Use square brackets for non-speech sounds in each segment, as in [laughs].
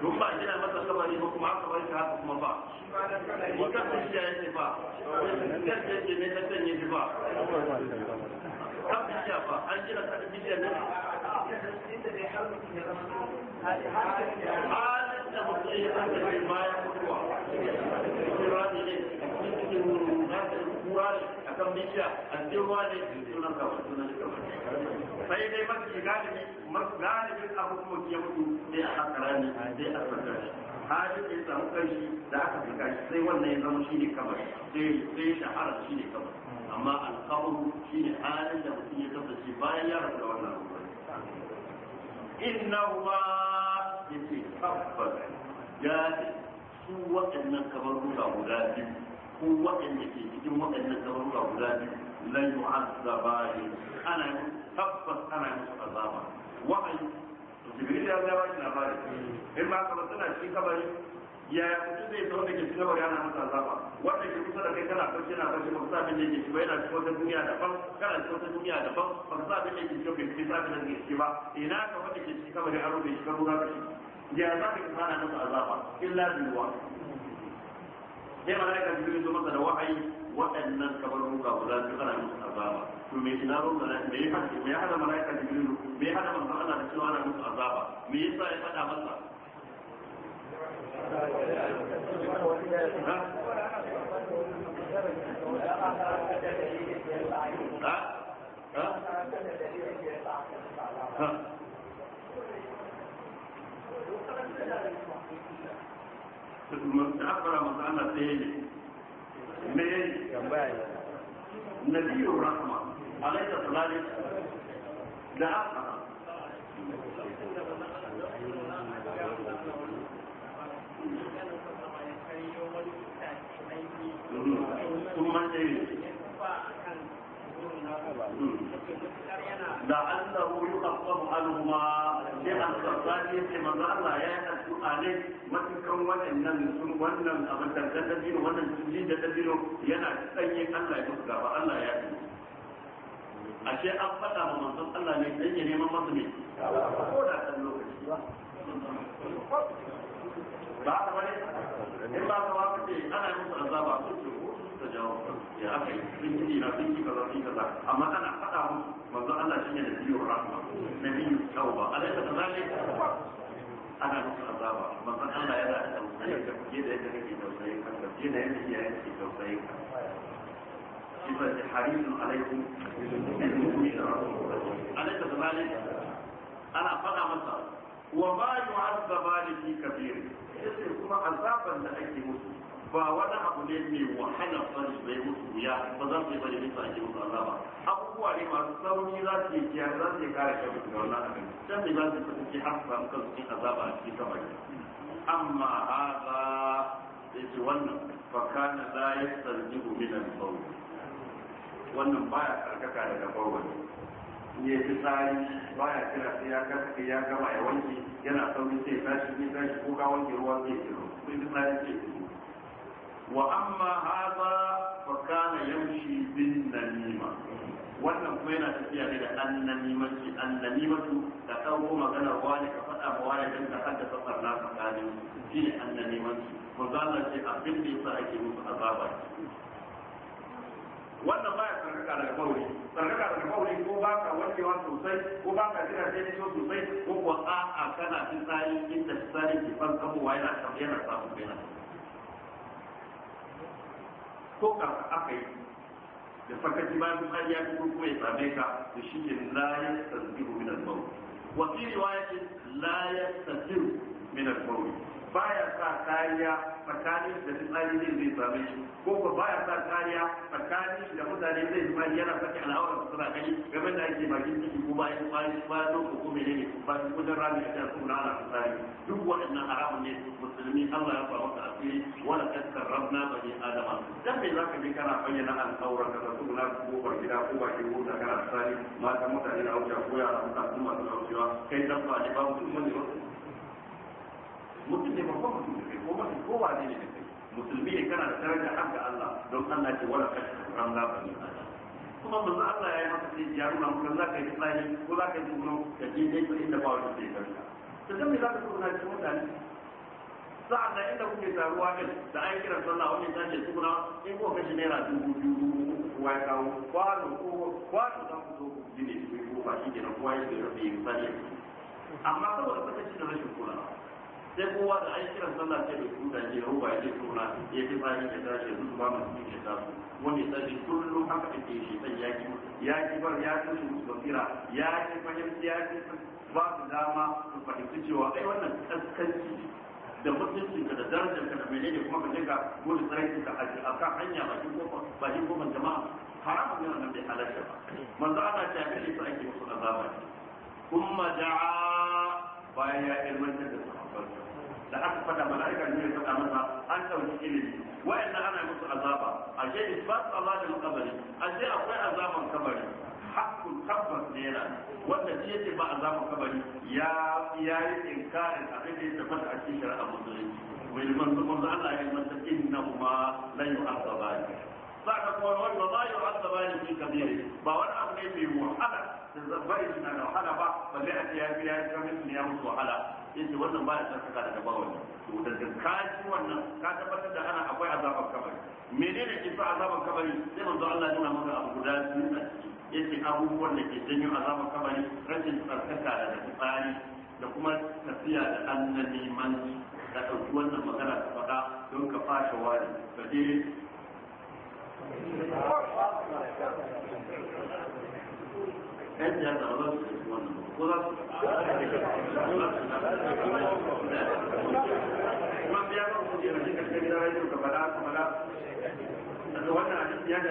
dun ba jina masa kabari ba kuma aka ka haka kuma ba wata kuciya yake ba kan yake ne ta sanye ce ba kan kuciya ba an jina kan kuciya ne halin da mutum ya kasance bayan mutuwa kan bishiya a cikin ruwa ne sunan ka wani sunan ka sai dai mafi galibi mafi galibin abubuwan ya mutu sai a haka rani sai a saka shi halin da ya samu kanshi da aka saka shi sai wannan ya zama shi ne kamar sai shahara shi ne kamar amma alƙawar shi ne halin da mutum ya kasance bayan ya rasu da wannan abubuwan. Innawa ya ce tabbas ya su waɗannan kamar guda guda biyu ko waɗanda ke cikin waɗannan kabaruka guda biyu la yu'azzaba ana yi tabbas ana yi musu azaba wa'ayi jibril ya ga wani labari in ba ka tana cikin kabari ya mutum zai zo da ke cikin kabari ana masa azaba wanda ke kusa da kai kana barci na barci ba sabin da ke ci ba yana cikin wata duniya daban kana cikin wata duniya daban ba sabin da ke ci ba ke cikin sabin da ke ci ba ina ka wanda ke cikin kabari an rubuta shi ka ka shi ya za ka kana masa azaba illa biwa sai malaika jibril zo masa da wahayi waɗannan kamar kabaruka guda su ana musu azaba to me ina ruwan malaika me ya hada me ya hada malaika jibril me ya hada manzo Allah da cewa ana musu azaba me yasa ya fada masa ha ha ha da aka fara masa Allah ne me tambaya ne nabiyyu rahma alayhi a da kuma ne da annahu yuqaffamu anhuma sai an manzo Allah ya amfani matukan waɗannan sun wannan da wannan da yana Allah ya musu gaba Allah ya yi ce an faɗa ma manzon Allah ne dan neman masu ne ana musu ya aka yi sun yi na sun yi kaza sun amma ana faɗa musu manzon Allah ana musu azaba manzon Allah yana da tausayi da kuje da yadda kake tausayi ka da kuje da yadda iyayen ke tausayi ka shi ba ta harisun alaikum bil mu'minina alaika zalalik ana faɗa masa wa ma yu'azzaba li Kabiru. sai kuma azaban da ake musu ba wani abu ne mai wahala bane mai mutu wuya ba za su yi bane nisa ake musu ba abubuwa ne masu sauki za su yi kiyar za su yi kare kai musu da wannan abin can ne za su kasance har su samu kansu cikin a cikin kamar amma za ya ce wannan fakana la yastarjihu min al-bawl wannan ba ya karkaka daga bawl ne ba baya kira sai ya karkake ya gama ya wanke yana sauri sai ya tashi sai tashi ko ka wanke ruwa sai ya tsiro sai tsari ce وأما هذا فكان يمشي بالنميمة wannan كنا yana غير ne da annamimanci annamimatu da ɗauko maganar wani ka faɗa ma wani don ka haddasa ɓarna tsakanin shi ne في ko zalar ce ake wannan baya tsarkaka daga kauri tsarkaka daga kauri ko ba ka wankewa sosai ko ba ka jira sai so sosai ko kuwa a'a kana fitsari inda fitsari ke fan kamowa yana samu yana samun ko kan aka yi da sakaci ba duk an ya fito ko ya same ka da shi ke la ya tasbihu min al-maut wa fi riwayati la ya tasbihu min al baya sa kariya tsakanin da fitsari zai zai same shi ko ko baya sa kariya tsakanin da mutane zai zama yana sake al'awar da suna gani game da ake bakin ciki ko bayan bayan bayan ko ko ne ba su kudin rami da su na ala fitsari duk waɗannan haramun ne musulmi Allah ya faru da asiri wala kasar rabna ba bani adama dan me zaka je kana bayyana al'aurar ka da su na ko ba gida ko ba bakin mota kana fitsari mata mutane na wuce ko yara mutane masu wucewa kai dan ba ne ba mutum ne mutum ne babban mutum da kai ko mafi kowa ne ne da kai musulmi ne kana da daraja ga Allah don Allah ce wala kashi ran la bani kuma manzo Allah ya yi maka sai ya nuna maka za ka yi tsani ko za ka yi tsoro ka je dai ko inda ba wani sai karka to dan me za ka na cikin mutane sa'an da inda kuke taruwa din da an kira sallah wani ta ce tsoro in ko kashi naira dubu biyu kowa ya kawo kwano ko kwano za ku zo ku gine ku ko ba shi kenan kowa ya ce rafi sani amma saboda sai kowa da ai kiran sallah sai da kuma kuda je ruwa ya ce tona ya fi fari da tashi yanzu ba mu cikin shekar su wani tashi kullum haka ke shi sai ya ki bar ya ki su basira ya ki fahimci ya ki ba su dama su fahimci cewa ai wannan kaskanci da mutuncin ka da darajar ka da menene kuma ka je ka gudu sarki ka a kan hanya bakin kofa bakin kofan jama'a haramun ne wannan bai halarta ba manzo ana ta bi su ake musu azaba kuma da'a bayan ya ilmantar da sahabbansa da aka fada mala'ika ne ya fada masa an ɗauki ilimi wa'annan ana musu azaba a je isbat azabin kabari a je akwai azaban kabari hakkun tabbas ne yana wanda shi yake ba azaban kabari ya ya yi inkarin abin da ya tabbata a cikin shari'a musulunci mai manzo manzo Allah ya manta innahuma la yu'azzabani saka kuma wanda la yu'azzabani fi kabiri ba wani abu ne mai wahala bari suna da wahala ba balle a ya biya ya kame su ne ya musu wahala yace wannan ba da tsarkaka da ba wannan to da ka wannan ka tabbatar da ana akwai azabar kabari menene isa azabar kabari sai manzo Allah ya nuna maka abu guda biyu a ciki yace abubuwan da ke janyo azabar kabari rashin tsarkaka da tsari da kuma tafiya da annabi man da ɗauki wannan magana ta faɗa don ka fashe wani ka je yan jihar kuma ka ma'ana ai siyasa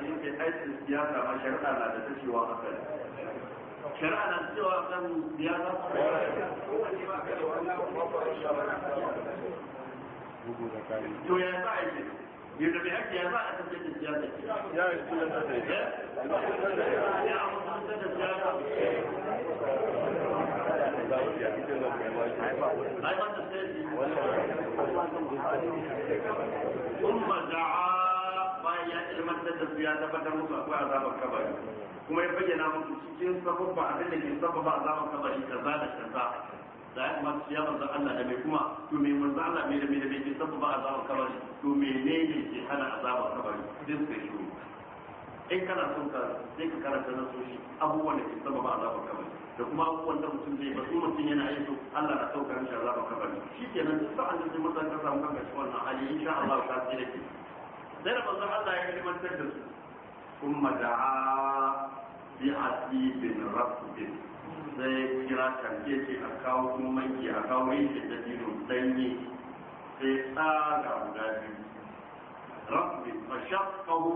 ce ke aikin siyasa ma shari'a na da ta cewa a shari'a na cewa kan siyasa to a yi yadda da kuma ya bayyana musu cikin sababba abin da ke sababa azaban kabari kaza da kaza da ya kamata su ya manzan Allah da mai kuma to mai manzan Allah mai da mai da mai ke sababa kaza kabari to ne ke hana a kaza kabari din su yi shiru in kana son ka sai ka karanta na soshi abubuwan da ke sababa zama kabari da kuma abubuwan da mutum zai ba su mutum yana yi to Allah na saukar shi a shi kabari nan duk sa'an da zai mutum ka samu kanka shi wannan hali insha Allah ka tsira ke sai da manzan Allah ya kalmantar da su ثم دعا بعتيب رفض sai kira karke ce a kawo kuma mai a kawo yin da dabino sanyi sai tsaga guda biyu rabbi fa shaqahu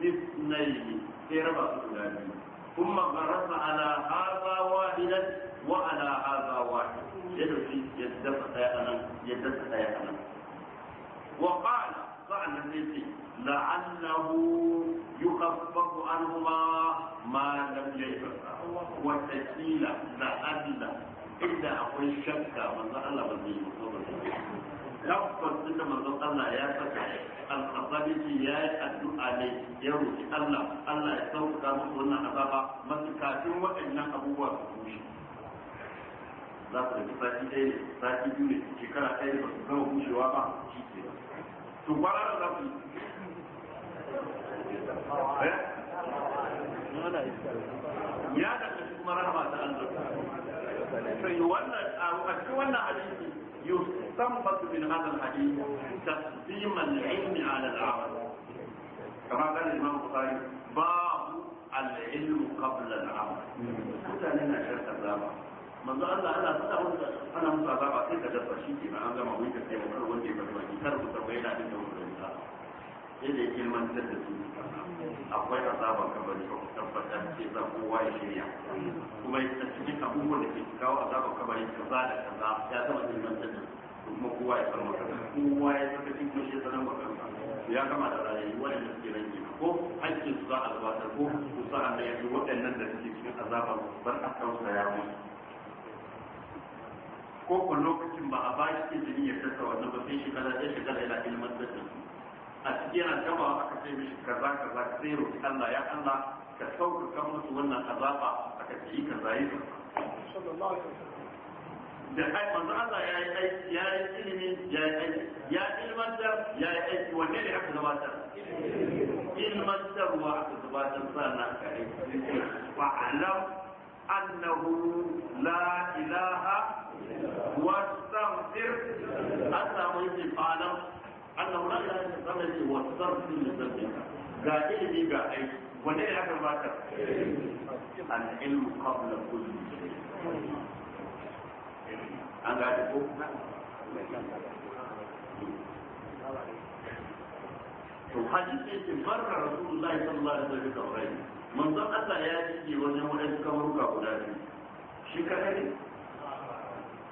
bisnayn sai raba su guda biyu kuma ba garasa ala hadha wahidan wa ala hadha wahid yadda shi yadda ta tsaya anan yadda ta tsaya anan wa qala فعل sai لعله يخفف عنهما ما ma يفعل yayfa wa إذا أقول شكا akwai shakka manzo Allah ba zai tabbas inda manzo Allah ya saka al ya yi addu'a ne ya roki Allah Allah ya sauka musu wannan azaba masu kafin waɗannan abubuwa su kushe za su sati ɗaya ne sati biyu ne shekara ɗaya ba su gama bushewa ba shi ke to da zafi eh? ya da kashi kuma rahama ta Allah sai a cikin wannan hadisi yustanbatu min hadal hadith tasdim al-ilm ala al kama kan imam bukhari babu al-ilm qabla al-amal mutane na shirka zama manzo Allah ana fita wanda ana musa za a sai ka dafa shi ke an gama wani ka sai wani wanda ya fara wani kar musa bai da da wani da yadda ya ilmantar da su akwai azaba kabari ko tabbatar ce za kowa ya shirya kuma a cikin abubuwan da ke kawo azaba kabari kaza da kaza ya zama ta da su kuma kowa ya san maka kowa ya saka cikin kuma shi ya sanar maka ya kama da rayuwa da suke nan kenan ko hakkin su za a gabatar ko su sa'an da ya waɗannan da suke cikin azaba bar a kansu ya mutu ko ko lokacin ba a bashi izini ya dasa wannan ba sai shi kaza sai shi kaza ilmantar da su a cikin yana gaba aka ce mishi kaza kaza sai roki Allah ya Allah ka sauƙaƙa musu wannan azaba a kaci ka zayi da ai manzo Allah ya yi aiki ya yi ilimi ya yi aiki ya ilmantar ya yi aiki wanne ne aka gabatar ilmantarwa aka gabatar sannan ka aiki wa'alam annahu la ilaha واستغفر الله يجي فعلا أنه لا يجب أن يجي واستغفر ga قال إلي قال أي ونعي هذا الماتر العلم قبل كل شيء أنا قاعد أقول to hadisi yake barka rasulullahi sallallahu alaihi wasallam da kaurai manzon Allah ya ce wajen wadansu kamuruka guda biyu shi kadai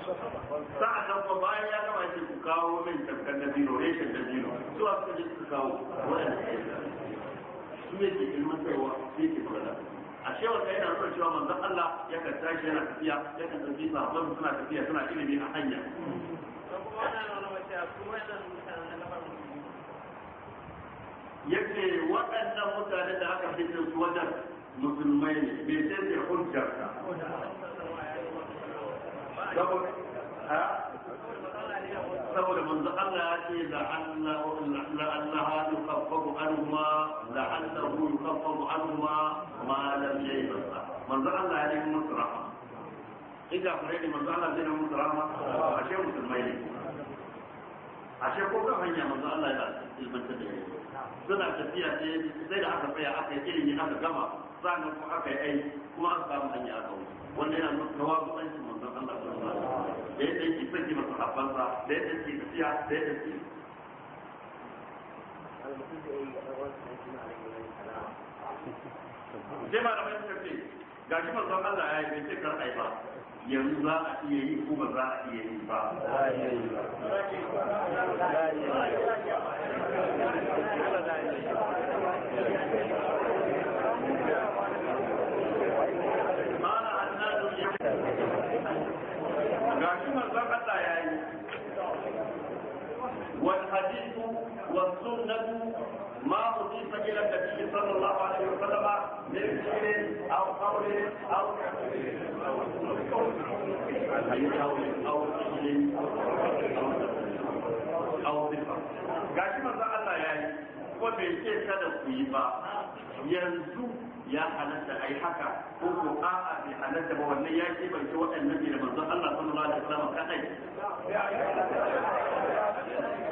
Sa'a kan kuma ya gama ce ku kawo min tamkar da biro reshen da biro su a suka je su kawo waɗanda su ne ke ilmantarwa sai ke magana a shewar da yana nuna cewa manzon Allah ya kan tashi yana tafiya ya kan tafi sahabban suna tafiya suna ilimi a hanya Yake waɗannan mutane da aka fitar su wajen musulmai ne bai sai hujjar ka saboda manzo Allah ya ce da la'annaha yukaffaru anhuma la'annahu yukaffaru anhuma ma lam yaybasa manzo Allah ya nemi musu rahama in kafirai ne manzo Allah zai nemi a ce ashe musulmai ne ce ko kan hanya manzo Allah ya ilmantar da suna tafiya sai da aka tsaya aka yi ilimi aka gama sannan kuma aka yi ai kuma aka samu hanya aka wuce wanda yana nuna tawazu an shi manzon Allah sallallahu alaihi wasallam da yadda yake sake masa hafansa da yadda yake tafiya da yadda yake sai ma da mai suka ce ga shi manzon Allah ya yi bai ce kar yi ba yanzu za a iya yi ko ba za a iya yi ba za a iya yi والحديث والسنة ما أضيف إلى النبي صلى الله عليه وسلم من فعل أو قول أو أو فعل أو صفة. أو manzo Allah ya ko bai ce kada ba yanzu ya halatta ai haka ko ko a'a bai halatta ba wannan ya ke bai ce waɗannan ne da manzo Allah sallallahu alaihi wasallam kadai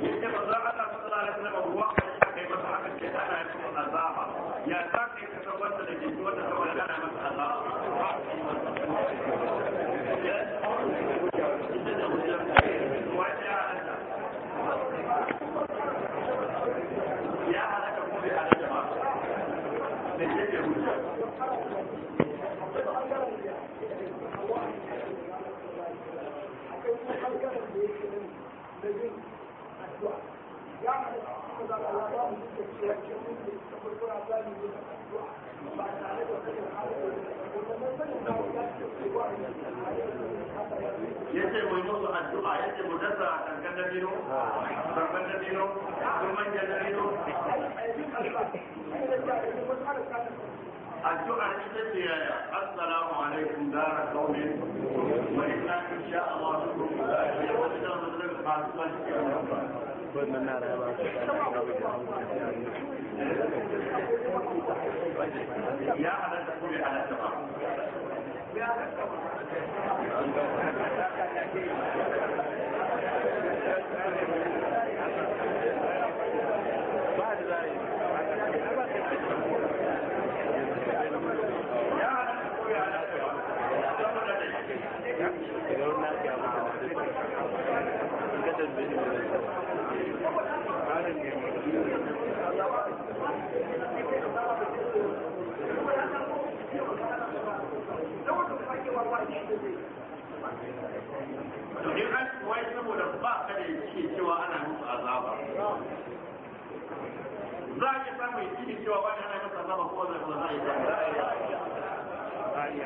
It was not السلام عليكم دار قوم وإنا إن شاء الله بكم يحدثنا مدرب يا يا على تقول على التقى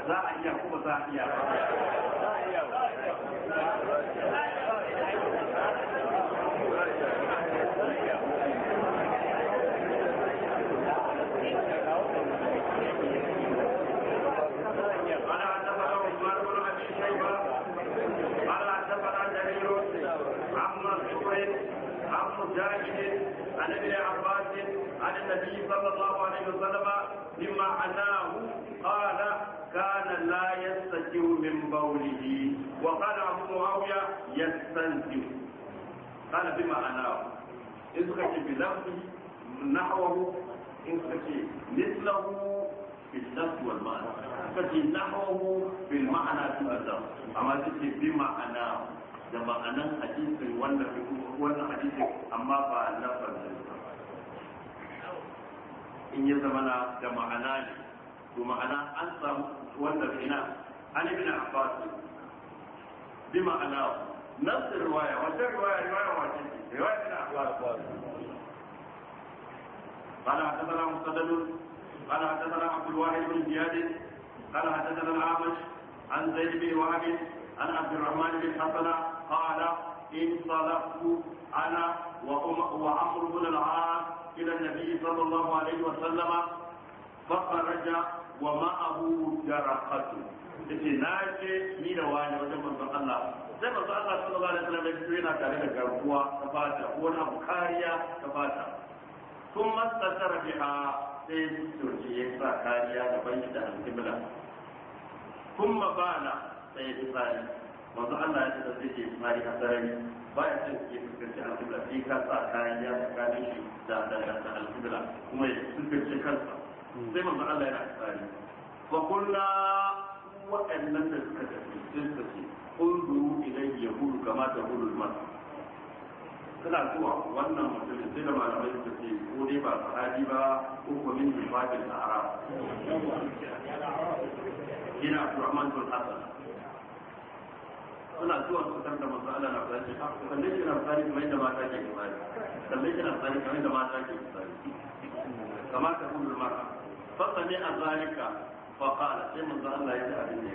za a iya kuma za a iya ba قال بمعناه إن سكت بلفظه نحوه إن سكت مثله باللفظ والمعنى سكت نحوه بالمعنى في اللفظ أما سكت بمعناه da ma'anan hadisin wannan wannan hadisin amma ba lafazin in ya zama na da ma'ana ne to ma'ana an samu wannan ina an ibn abbas bi ma'ana نفس الرواية وانت الرواية رواية واحدة رواية الأخلاق قال حدثنا مستدل قال حدثنا عبد الواحد بن زياد قال حدثنا الأعمش عن زيد بن وهب عن عبد الرحمن بن حسن قال انطلقت أنا وعمرو بن العاص إلى النبي صلى الله عليه وسلم فخرج ومعه جرقته. Ita ناجي من ni sai masu Allah sallallahu alaihi wasallam ya yana tare da garkuwa ta fata ko na kariya ta fata kun mastasara biha sai soji ya sa kariya da banki da alƙibla kun mabana sai ya tsari wanzu Allah ya ce zai ke tsari a tsari ba ya ce ke fuskanci alkibla sai ka sa kariya tsakanin shi da da da kuma ya fuskanci kansa sai masu Allah yana tsari wa kullu waɗannan da suka tafi sun tafi unzuru idan yahulu kama ta hulul masu suna zuwa wannan mutumin sai da malamai suka ce ko dai ba sahabi ba ko kuma min da sahara yana Abdurrahman bin Hassan suna zuwa su san da masu Allah na farashi ah, sannan shi na farashi kamar yadda mata ke farashi sannan shi na farashi kamar yadda mata ke farashi kama ta hulul mara fasa ne a zalika fa qala sai manzo Allah ya ji abin ne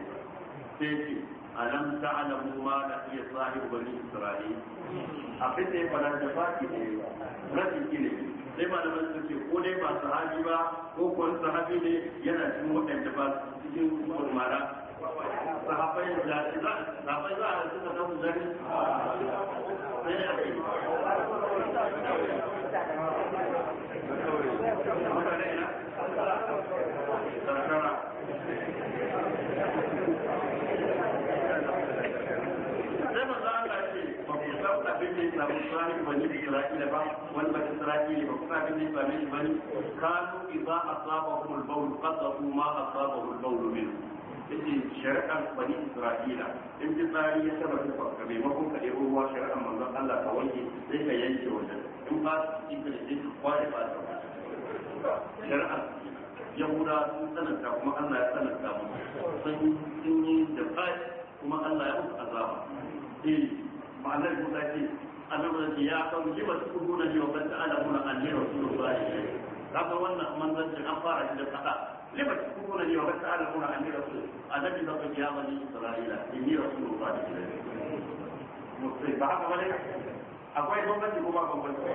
sai ce alam ta'lamu ma da iya sahib bani isra'il abin da ya fara da faki ne rabin ilimi sai malaman su ce ko dai ba sahabi ba ko kuwa sahabi ne yana cikin waɗanda ba cikin mara sahabai da za a suka samu zari sai isra'ila ba wani ba isra'ila ba kuma abin da ya same shi bane kanu idza asabahum al-bawl qadahu ma asabahum al-bawl min yace shari'ar bani isra'ila in ji tsari ya saba ta ka maimakon ka ɗebo ruwa shari'ar manzon Allah ka wanke sai ka yanke wajen in ba su cikin da sai ka kware ba ta shari'ar yahuda sun sananta kuma Allah ya sananta mu sun sun yi da kuma Allah ya musu azaba eh ma'anar Musa ce annabi ya kan ji ba su nuna ne wa kanta ala kuna an ji rasulullahi kaga wannan manzancin an fara shi da fada lima su nuna ne wa kanta ala kuna an rasulullahi annabi da kan ya bani isra'ila ni rasulullahi mutsai ba akwai bambanci kuma bambanci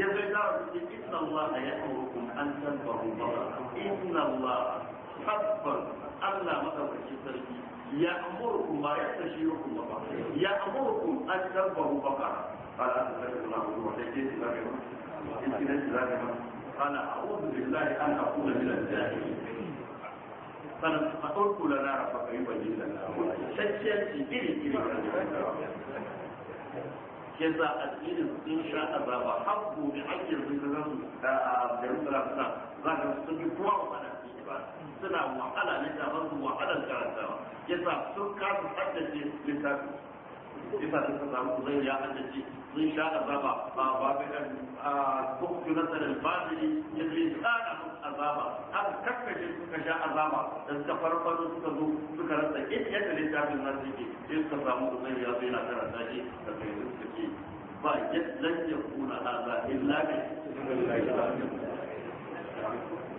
yanzu ya zara su ce inna allaha ya'murukum an tanbahu baqara inna allaha tabban Allah madaukakin sarki ya amurkum ba ya tashi yukum ba ya amurkum an tanbahu baqara قال أنت تجد الله وشكيت لك أنت تجد لك قال أعوذ بالله أن أكون من الجاهلين قال فقلت لنا ربك يبين لنا شكيت إلي إلي kisa addinin sun sha azaba habbu bi hakkin rizalan da Jerusalem suna za ka sun yi kowa wa mana addini ba suna wahala ne da ban wahalar karantawa kisa sun kasu haddace littafi kisa zai ninsha azama baababai ka tukutu na sanin basi azaba irin zaɗa azama sha azama da suka fara su ka zo su ka rasa kiri kiri da su yi masu yi kuma yanzu zan yi magana su yi magana da yi ba zan yi kunana da yi da su yi magana da yi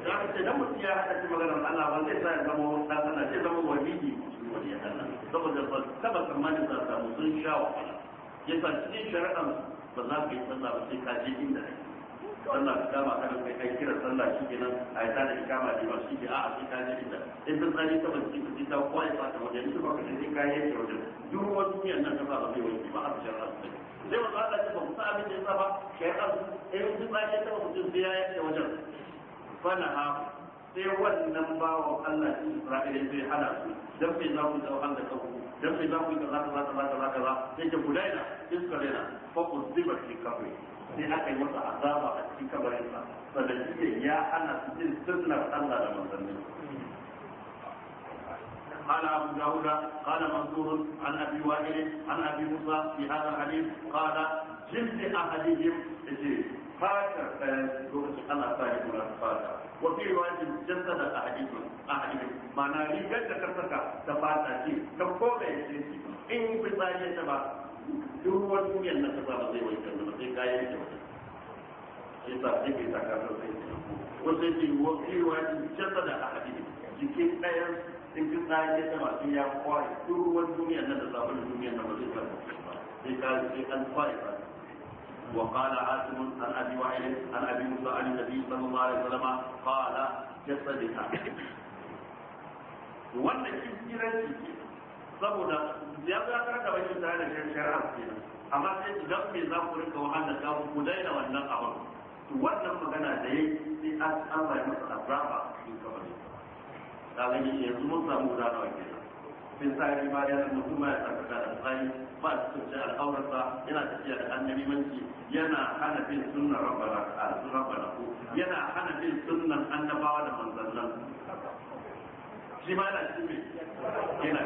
lafiya da su yi da mu ta yi da a ta ce magana da hala a ban ta ya zama a ta tana ta zama wani ni ko ni ya dana daga da ban saboda ma ne ta samu ninsha. ya sa cikin shari'ar ba za ka yi sallah ka je inda sallah kama kai kai kira sallah shi kenan a yi ne ba shi ke a'a sai ka je inda in ta tsari ta bace ka ji ta ta wajen shi ba ka ka yi ta wajen duk nan ba ba ba su ba za ka ba sa abin da ya ba su eh, in ta tsari ta yi ta wajen fana ha sai wannan bawan Allah shi Isra'ila zai hana su dan bai za ku zau Allah ka dan bai za ku yi kaza kaza kaza kaza kaza sai ke gudaina sai suka daina fa uziba fi kabri sai aka yi masa azaba a cikin kabarin sa sannan shi ya ana su jin sunnar Allah da manzanni قال أبو داود قال منصور عن أبي وائل عن أبي موسى في هذا الحديث قال جلد أحدهم فاتر الله فاتر wa fi riwayatin jassada a hadithin a hadithin ma'ana rigar da karfaka ta fata ce ta koga ya ce in fitsari ta ba duk wani duniyar na kasa ba zai wanke ba sai kayan da wata shi sa sai kai takasar sai wasu ce wa fi riwayatin jassada a hadithin jikin ɗayan in fitsari ta ba sai ya kwari duk wani duniyar na da sabon duniyar na ba zai kwari ba sai kayan sai an kwari ba وقال عاصم عن ابي وائل عن ابي موسى عن النبي صلى الله عليه وسلم قال كصدقه wannan kinkiranci saboda ya zakar da bakin da yana shan shari'a amma sai idan me za ku rika wahalar da ku daina wannan abin to wannan magana da yayi sai an Allah masa azaba cikin kabari da ganin yanzu mun samu da ya zama kuma ya ba su yana tafiya da hana bin sunnan a yana hana bin sunnan annabawa da manzannan shi ma yana cikin yana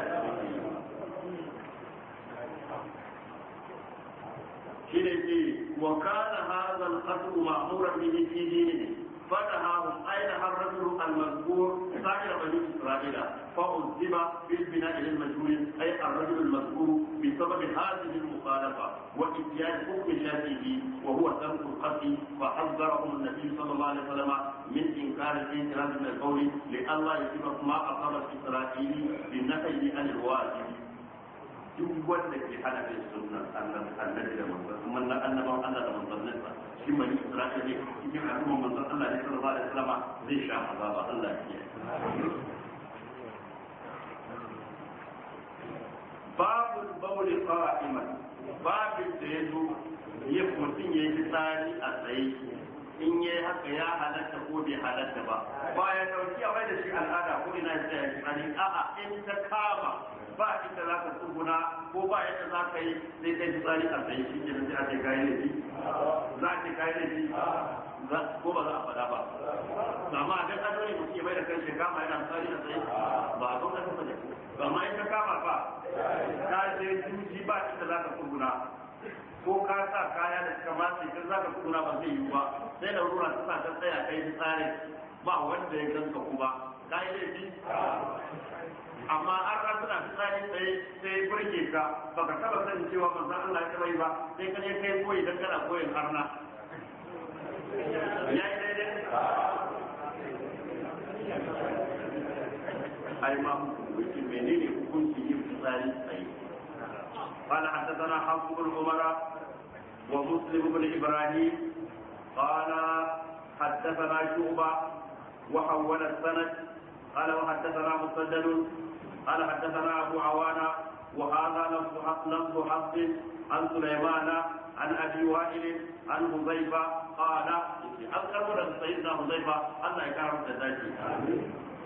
cikin shi ne ke wa kana hazan al ma'amuran mini fi dini ne فتهاهم أينها الرجل المذكور سائر بني إسرائيل فعذب بالبناء للمجهول أي الرجل المذكور بسبب هذه المخالفة وإتيان حكم شافعه وهو ترك القتل فحذرهم النبي صلى الله عليه وسلم من إنكار الإنكار من القول لئلا يصيبك ما أصاب الإسرائيلي بالنفي عن الواجب duk wanda ke hana bin sunnan annabi da manzon annabawan Allah da manzon cikin mai da ka je cikin al'umma manzon Allah ne sallallahu alaihi wasallam zai sha azaba Allah ya babu bauli babin da ya ya tsari a tsaye in ya yi haka ya halatta ko bai halatta ba ba ya dauki a wai da shi al'ada ko ina ya tsari a'a in ta kama ba inda za ka tsuguna ko ba yadda za ka yi sai kai tsari a tsaye shi ke sai a ce kayi laifi za a ce kayi laifi ko ba za a faɗa ba amma a kan ɗan mutum ke mai da kan shekama yana fitsari a tsaye ba a zo ka kafa da amma in ka kama ba ka je juji ba inda za ka tsuguna ko ka sa kaya da suka matse kan za ka tsuguna ba zai yiwu ba sai da rura ta sa ta tsaya kai fitsari ba wanda ya ganka ba ka yi laifi amma an ka suna tsari sai sai burge ka baka taba sanin cewa manzo Allah ya taba yi ba sai ka je kai koyi dan kana koyin harna ya yi daidai ai ma wuce menene hukunci yin tsari tsaye قال حدثنا حفص بن عمر ومسلم بن ابراهيم قال حدثنا شعبه وحول السند قال وحدثنا مسدد قال حدثنا أبو عوانة وهذا لفظ حق لفظ حق عن سليمان عن أبي وائل عن حذيفة قال أذكر من سيدنا حذيفة أن يكرم تزاجي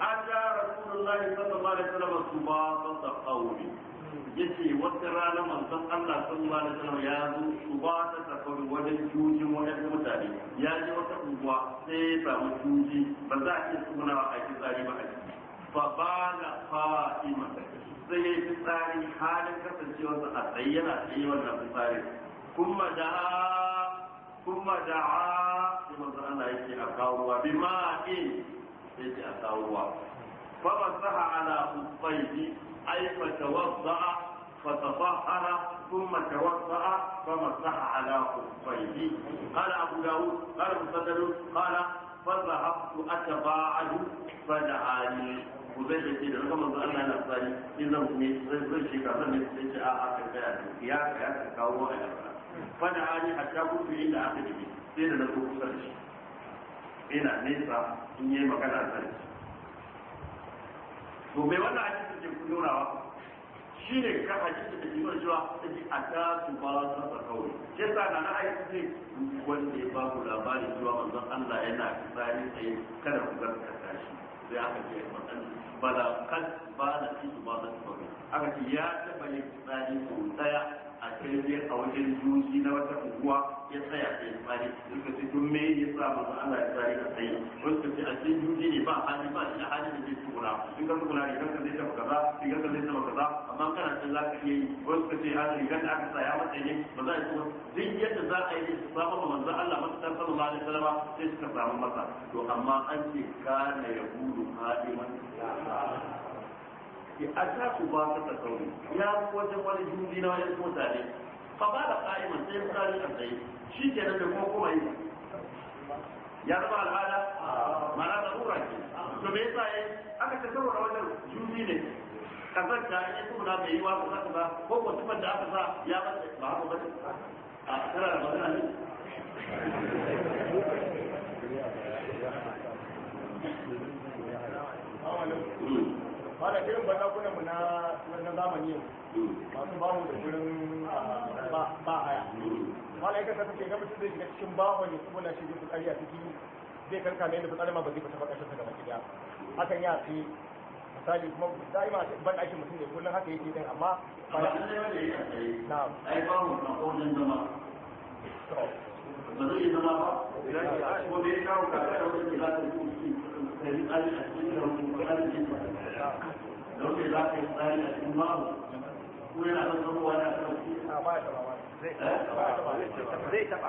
أتى رسول الله صلى الله عليه وسلم سباطة قومه yace wata rana manzon Allah sallallahu alaihi wasallam ya zo shuba ta tafi wajen jujin wajen mutane ya je wata unguwa sai ya samu juji ba za a iya suna a kitsari ba a babala fa'ima sai ya yi fitsari halin kasancewa su a tsayyana a yi wannan fitsari kuma da kuma da a yi masu ana yake a kawowa bi ma'aƙi ya yake a kawowa fa ba su ha ala kusai ji aifata wasu a fata fa'ara kuma ta wasu a fa ba su ha ala kusai ji ala abu dawo ala musadaru ala fa za a fito a ta ba a fa da a ko zai ce da ga manzo Allah yana tsari sai zan ne zai zai shi kafin ne sai ce a a ya ya ka kawo a yaba fada hatta inda aka dibi sai da na zo kusa da shi ina nesa in yi magana da shi to wannan nunawa shi ne ka da ta a ta su ba su kawai ke sa na ce wanda ya ba ku labari Allah yana tsari tsaye kada ku gaskata sai aka ce kan ba ba da aka ce ya taba yin tsari ko tsaya a can a wajen juji na wata unguwa ya tsaya ta yi tsari suka ce tun me ya sa masu Allah ya tsari da tsayi wani suka ce a cikin juji ne ba hali ba shi da hali da ke tsuguna in ka tsuguna rigar ka zai taɓa kaza rigar ka zai taɓa kaza amma kana cin za ka iya yi wani suka ce hali rigar da aka tsaya mata ne ba za a yi kuma duk yadda za a yi su samu ma manzan Allah masu ta samu ba da salama sai suka samu masa to amma an ce kana ya gudu hadiman ki ata su ba ka tsauri ya wajen wani jini na wani mutane fa ba da qa'iman sai mutane a tsaye shi ke da ko kuma yi ya zama al'ada mana da ura ke to me yasa yi aka ce saboda wannan jini ne kazan ta yi kuma na bai yi wa ko ko da aka sa ya ba ba ba a tsara magana ne ba da irin batakunan mu na wannan zamani yau masu ba mu da gurin ah, ba haya wala zai shiga cikin bawa ne kuma na shi zai fitsari a ciki zai karka ne da fitsari ma ba zai fita ba kashin daga baki hakan ya fi misali kuma da'ima a ban mutum ne kullum haka yake din amma ba ya na ai ba mu na zama ba zai zama ba ko da ya kawo ka ga za ta yi gari an a cikin da wani an yi ba don da za ka yi tsari a cikin babu ko yana da zama wani a kan shi a ba zai taba zai taba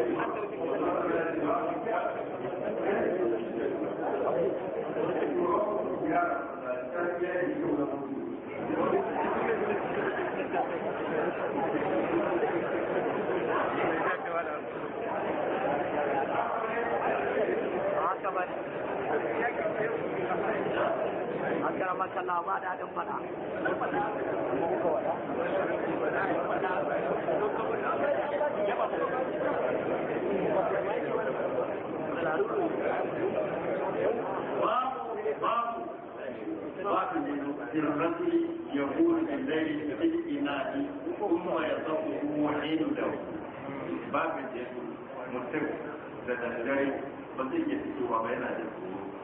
aka Allah ba da dan fada بالرجل يقول بالليل بالإناث ثم يصفه عنده باب الجسم مرتب لدى الجري ba zai iya fitowa ba yana da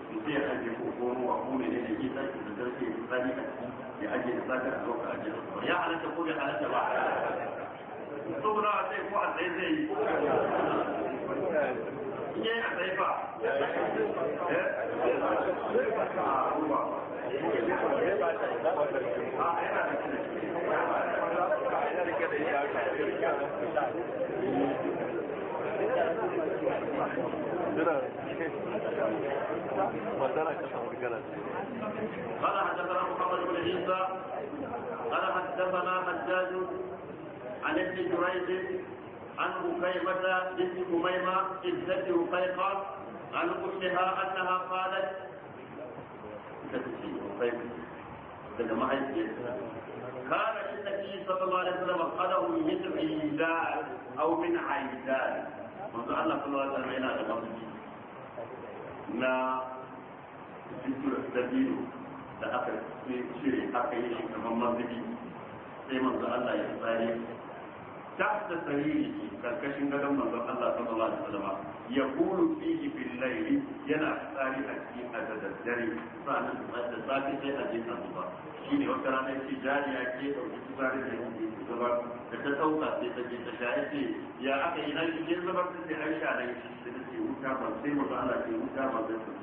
mutum ya ajiye ko goro a ko mene ne ke sake da sarki ya tsari a ciki ya ajiye da sakar a lokacin ajiye da kuma ya halatta ko bai halatta ba saboda a sai ko a tsaye zai yi in yayi a tsaye ba a ruwa a yana da kina [laughs] قال حدثنا محمد بن عيسى قال حدثنا حجاج عن ابن جريج عن بكيمة بنت كميمة ابنة رقيقة عن أمها أنها قالت كان النبي صلى الله عليه وسلم قدم من عيدان أو من عيدان منذ أن صلى الله عليه وسلم na jikin dabino da aka cire aka yi shi kamar mazubi sai manzo Allah ya tsare تحت سريره كركشن قدم من الله صلى الله عليه وسلم يقول فيه في الليل ينا أكثاري أكي أدد الجري فأنا أدد ساكي في أجيب أصبا شيني وكرانا يكي جاري أكي أو تساري أكي أصبا تتوقع في تجي تشاهدي يا أخي إلا يجي أصبا تسي عيش علي تسي وكاما سي مطالة تسي وكاما تسي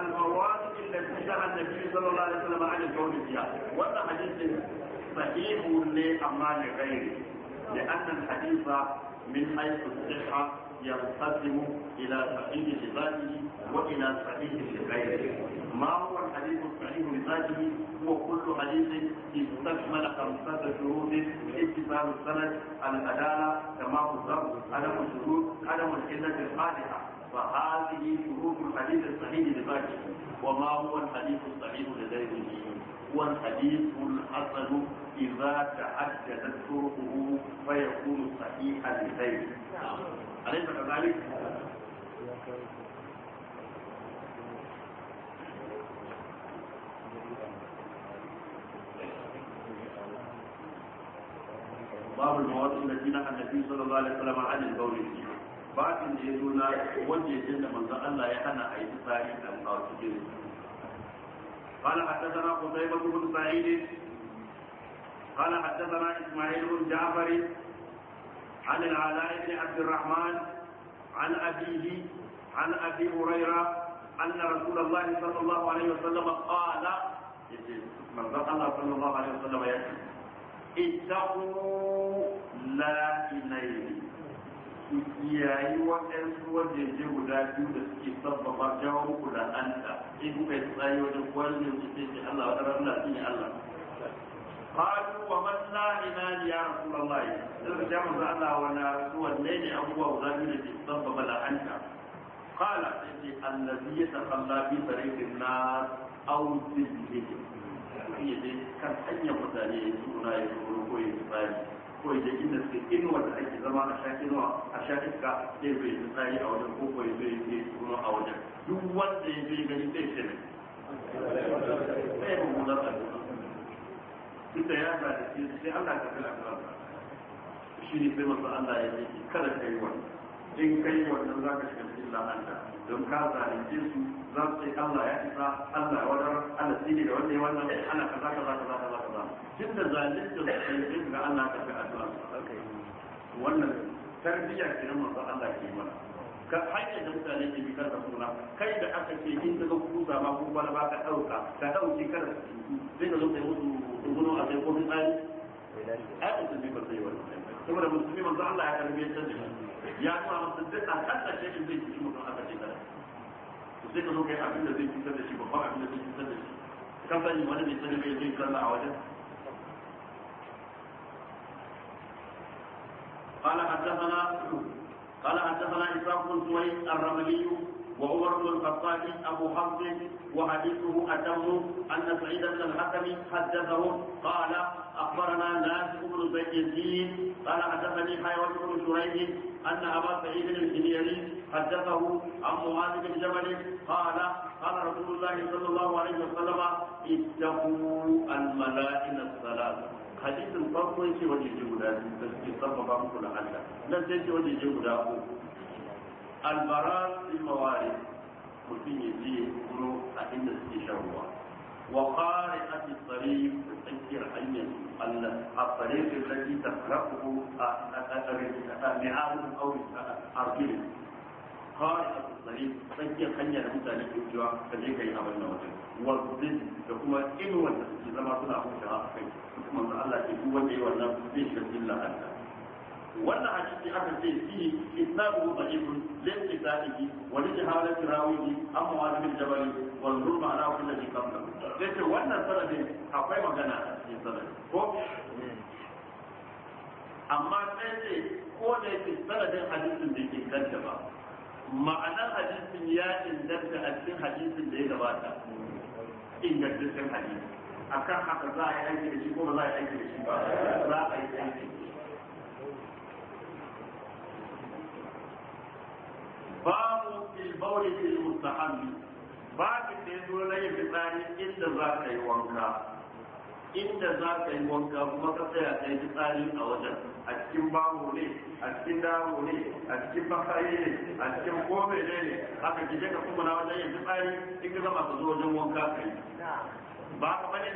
المواد التي نهى النبي صلى الله عليه وسلم عن الكون فيها وهذا حديث صحيح لي اما لغيره لان الحديث من حيث الصحه ينقسم إلى صحيح لذاته وإلى صحيح لغيره ما هو الحديث الصحيح لذاته هو كل حديث استكمل خمسة شروط اتصال السند العدالة تمام الضبط عدم الشذوذ عدم العلة القادحة فهذه شروط الحديث الصحيح لذاته وما هو الحديث الصحيح لغيره والحديث الحسن إذا تعددت طرقه فيكون صحيحا لغيره أليس كذلك؟ باب المواد التي نهى النبي صلى الله عليه وسلم عن البول فيها باكن da ya zo na wanda ya da manzon Allah ya hana قال حدثنا قتيبة بن سعيد قال حدثنا إسماعيل بن جعفر عن العلاء بن عبد الرحمن عن أبيه عن أبي هريرة أن رسول الله صلى الله عليه وسلم قال مرضى الله صلى الله عليه وسلم يقول اتقوا لا إليه Yayi kiyayi wajen je guda biyu da suke sabbaba jawo muku da anta in kuka yi tsayi wajen wannan cikin shi Allah wa ɗarar Allah shine Allah qalu wa man la ilaha ya rasulullah sai ka jama'a da Allah wa na wanne ne abubuwa guda biyu da ke sabbaba da anta qala sai allazi yataqalla bi tariqin na aw tijhihi shi ne kan hanyar mutane ya yi ya ko ya tsari ko ya inda suke inuwa da ake zama a shakinuwa a shakinka sai bai yi tsari a wajen ko ko zai yi kuma a wajen duk wanda ya bai gani sai ce ne sai mu ya ba da shi sai Allah ka kula da shi ne sai masa Allah ya kada kai wannan in kai wannan shiga cikin don ka zalunce su za su isa Allah ya wadar Allah shi ne da wannan wannan ana kaza kaza kaza kaza tun da zalunta su ga Allah ka ga addu'a wannan tarbiyya ke nan manzo Allah ke mana ka hanya da mutane ke bi da suna kai da aka ce in daga kusa ma ko bala ba ka dauka ka dauki kar sai ka zo kai musu dubuno a sai ko bin tsari ai musulmi ba sai wannan saboda musulmi manzo Allah ya karbe ta da ya kuma musulmi duk a kan ce in zai ci mutum aka ce kada sai ka zo kai abin da zai fitar da shi babban abin da zai fitar da shi kan sani wani mai sani bai zai kalla a wajen قال حدثنا قال حدثنا إسحاق بن سويد الرملي وعمر بن الخطاب أبو حفص وحديثه أتم أن سعيد بن الحكم حدثه قال أخبرنا ناس بن يزيد قال حدثني حيوان بن شريح أن أبا سعيد الحميري حدثه عن معاذ بن جبل قال قال رسول الله صلى الله عليه وسلم اتقوا الملائكة الثلاثة hadisin farko yake wani je guda da suke sabbaba muku da Allah nan sai ce wani je guda ko albara fil mawari mutum ya je kuro a inda suke shan ruwa wa qari'at as-sarif da tsakiyar hanyar Allah a sarif ta tafraquhu a aqarin mi'arun aw arbil qari'at as-sarif tsakiyar hanyar mutane ke cewa kaje kai abin nan wajen wal da kuma inuwan wanda suke zama suna hutawa a kai kuma da Allah ke duk wanda yi wannan zai shiga illa Allah wannan hadisi aka ce shi isnaduhu da'ifun lil isnadihi wa li jahalati rawihi amma wa min jabal nur hurma ala kulli ladhi qabla wannan sanadin akwai magana a cikin sanadin ko amma sai ce ko da yake sanadin hadisin da ke kanta ba ma'anar hadisin ya inganta a cikin hadisin da ya gabata ingantaccen hadisi akan haka za a yi aiki da shi ko ba za a yi aiki da shi ba za a yi aiki babu fil bauli fil na yin fitsari inda za ka yi wanka inda za ka yi wanka kuma ka tsaya ka yi fitsari a wajen a cikin bamu ne a cikin damu ne a cikin bakari ne a cikin kome ne ne aka kije ka kuma na wajen yin fitsari in ka zama ka zo wajen wanka ka yi ba ka bane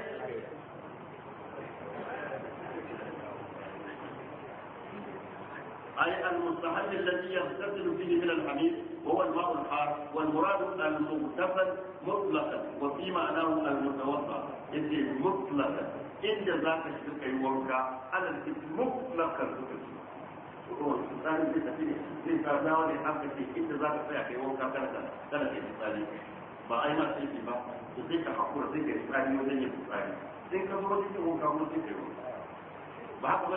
أي المستحل الذي يغتسل فيه من الحديث هو الماء الحار والمراد المغتسل مطلقا وفي معناه المتوضأ yace mutlaka inda za ka suka kai wanka alal mutlaka suka ce tsarin zai tafi ne zai sa ne ce inda za ka tsaya kai wanka kana da kana da tsari ba ai ma sai ba to sai ka hakura sai yi tsari wajen yin tsari sai ka zo wajen wanka kuma wanka ba haka ba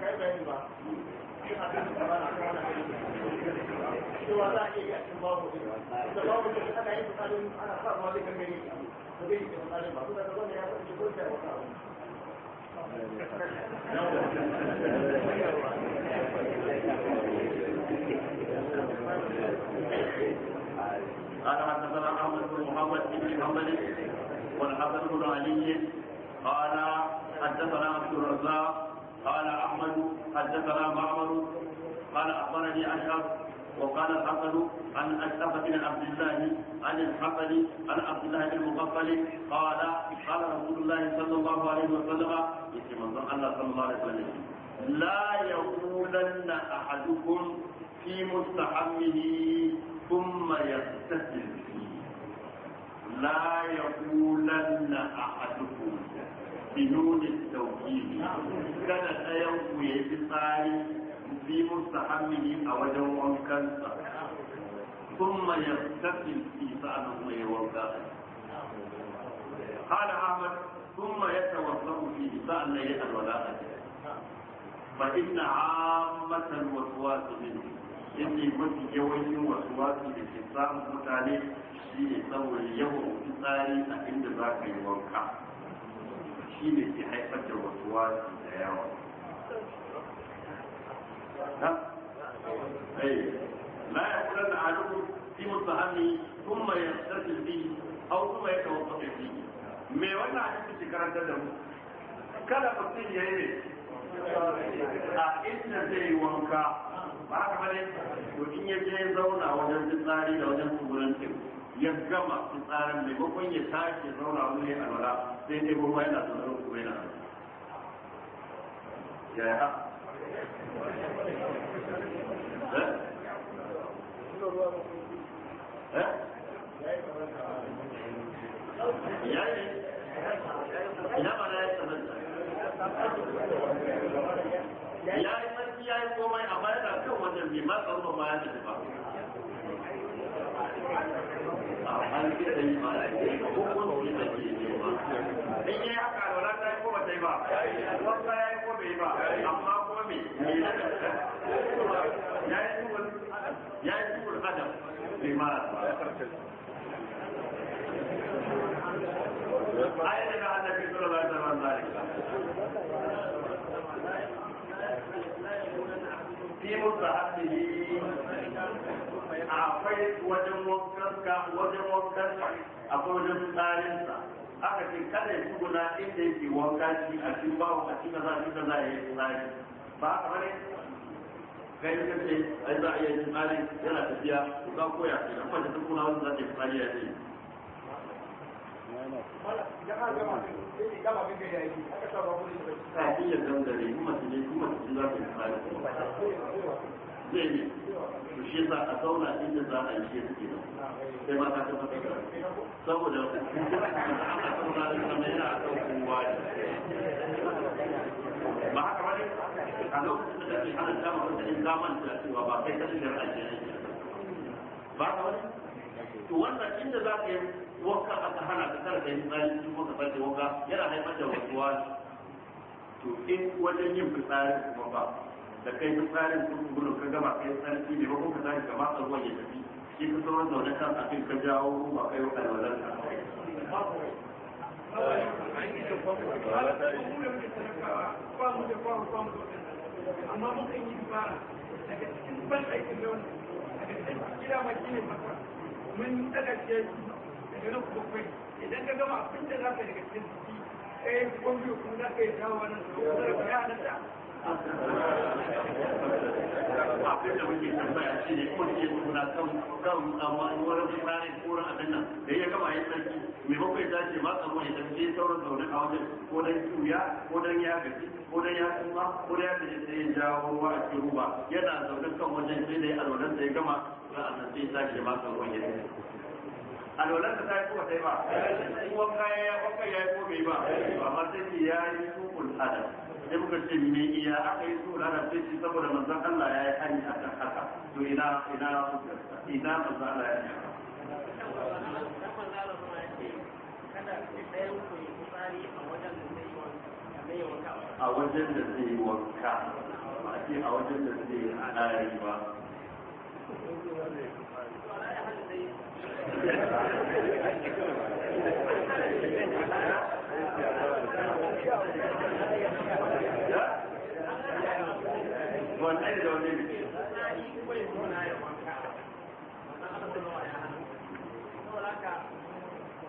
bayani ba قال حدثنا محمد بن محمد بن محمد والحسن بن علي قال حدثنا عبد الرزاق قال احمد حدثنا معمر قال اخبرني اشرف وقال الحسن عن أشرف بن عبد الله عن الحسن عن عبد الله بن المغفل قال قال رسول الله صلى الله عليه وسلم في من الله صلى الله عليه وسلم لا يقولن أحدكم في مستحمه ثم يغتسل فيه لا يقولن أحدكم بنون التوكيد كان سيوم يجي fi mustahammihi a wajen wankansa ثم يغتسل في سعده ويوضأ قال أحمد ثم يتوضأ في سعده الولاء فإن عامة الوسواس منه inni mafi yawancin wasu wasu da ke samun mutane shi ne saboda yawan fitsari a inda za ka yi wanka shi ne ke haifar da wasu wasu da yawa لا يقولن أحدكم في متهم ثم يغتسل به أو ثم يتوقف به me wannan hadisi ke karanta da mu kada mutum ya yi a inda zai wanka ba ka bane to in ya je zauna wajen fitsari da wajen tsugunan ya gama fitsarin maimakon ya sake zauna wani alwala sai dai ruwa yana tsoron kuma yana ya ina ba na ya tsananta ya yi sarki ya yi komai amma yana kan wannan bai ma tsaro ma ya tafi ba an ce da yi ma da ke ko kuma da ke ne ba in yi haka da wala ta yi ko ta yi ba wata ya أين مع akwai wajen wajen akwai wajen tsarinsa aka ce kada ya inda yake wanka shi a cikin bawo a cikin cikin yi tsari ba gani za a tsari yana tafiya ku ka koya ke amma da za ta yi tsari ya ce iya dandare kuma ne zai ne shi a zauna inda za a yi shi suke nan sai mata ta mata gara saboda aka zauna da sama yana a kan ne ba haka ba ne a lokacin da hana dama in zaman da cewa ba kai kashin da ra'ayi ba ka wani to wannan inda za ka yi wanka aka hana ka kar ka yi tsari cikin wanka wanka yana haifar da wasuwa to in wajen yin kuma ba da kai fitsarin sun gudun ka gama kai tsarki ne ba kuma tsari ka ruwan ya tafi shi ka sauran zaune kan abin ka jawo ruwa kai wa alwalar ka amma yi fara daga cikin ban aikin yau daga cikin gida mai mun daga cikin ganin kokari idan ka gama abin da za ka daga cikin jiki ɗaya eh, ko biyu kuma za ka yi dawo nan da kuma da ya halatta abin da muke tambaya shi ne kuma ke nuna kan kan wurin fitare ko ran abin nan da ya gama yin sarki mai bakwai ta ce ba tsamo ya tafi sauran zaune a wajen ko dan kiwuya ko dan ya gaji ko dan ya kuma ko dan ya tafi sai ya jawo ruwa a cikin ruba yana zaune kan wajen sai da ya alwadan da ya gama za a nan sai ya sake ba tsamo ya tafi alwalar da ta yi kuma sai ba wanka ya yi wanka ya yi kome ba amma sai ya yi sukul hadar sai muka ce me iya aka yi sukul hadar sai shi saboda manzon Allah ya yi hani a kan haka to ina ina ina manzon Allah ya yi a wajen da zai wanka ba a a wajen da zai yi ba wannan da wani biki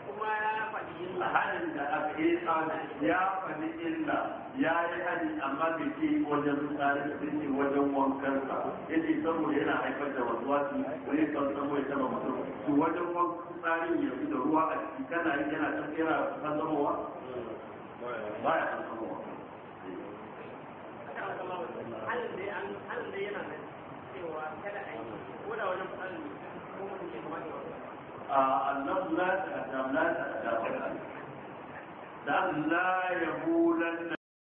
kuma ya faɗi illa ya ya yi hadi amma bai ce wajen tsari sun ce wajen wankarsa ya saboda yana haifar da wasu wani kan saboda ya taba mutum su wajen tsarin fi da ruwa a ciki kana yi yana ta tsira kan zamowa ba ya kan zamowa halin da yana cewa kada a a لا يبولن